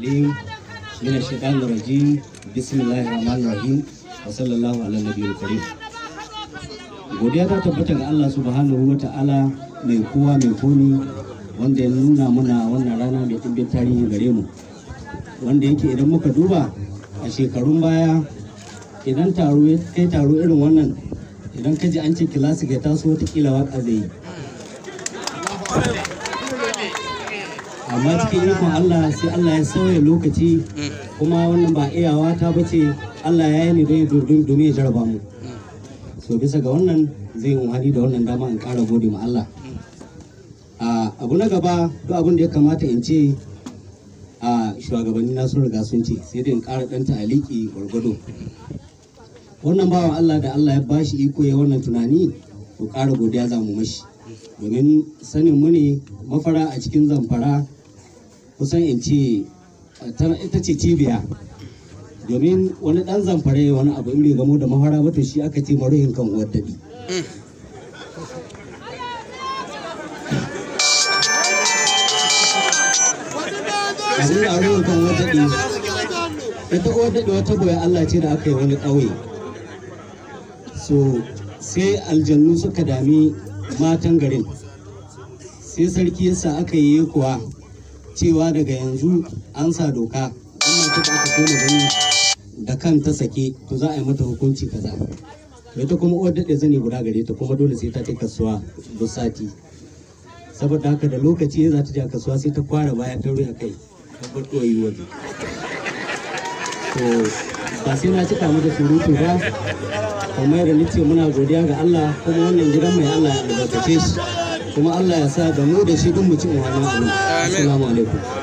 alim min shaitan rajim bismillahir rahmanir rahim wa sallallahu ala nabiyil karim godiya ta tabbata ga Allah subhanahu wa ta'ala mai kowa mai komi wanda ya nuna muna wannan rana mai dimbin tarihi gare mu wanda yake idan muka duba a shekarun baya idan taro kai taro irin wannan idan kaji an ce kilasi ga taso wata kila waka zai yi amma cikin ikon Allah sai Allah ya sauya lokaci kuma wannan ba iyawa ta bace Allah ya yi ni dai durdun domin ya jaraba mu so bisa ga wannan zai yi da wannan dama in ƙara gode ma Allah abu na gaba duk abin da ya kamata in ce a shugabanni na sun riga sun ce sai dai in ƙara ɗan aliki gwargwado wannan wa Allah da Allah ya bashi iko ya wannan tunani to ƙara godiya za mu mashi domin sanin mu ne mafara a cikin zamfara kusan in ce eh, ita ce cibiya domin wani dan zamfare wani abu in bai gamo da mahara ba shi aka ce maruhin kan uwar ita uwar daɗi wata goya Allah ce da aka yi wani ƙauye so sai aljannu suka dami matan garin sai sarki yasa aka yi kuwa cewa daga yanzu an sa doka amma ta da aka koma gani da kan ta sake to za a yi mata hukunci kaza ta kuma uwar daɗe zane guda gare ta kuma dole sai ta ta kasuwa duk sati saboda haka da lokaci ya za ta je kasuwa sai ta kwara baya ta ruya kai ta bar yi waje to ba sai na cika mata surutu ba kamar yadda nace muna godiya ga Allah kuma wannan gidan mai Allah ya albarkace shi kuma Allah ya sa da mu da shi duk mu ci umarnin abu. Assalamu alaikum.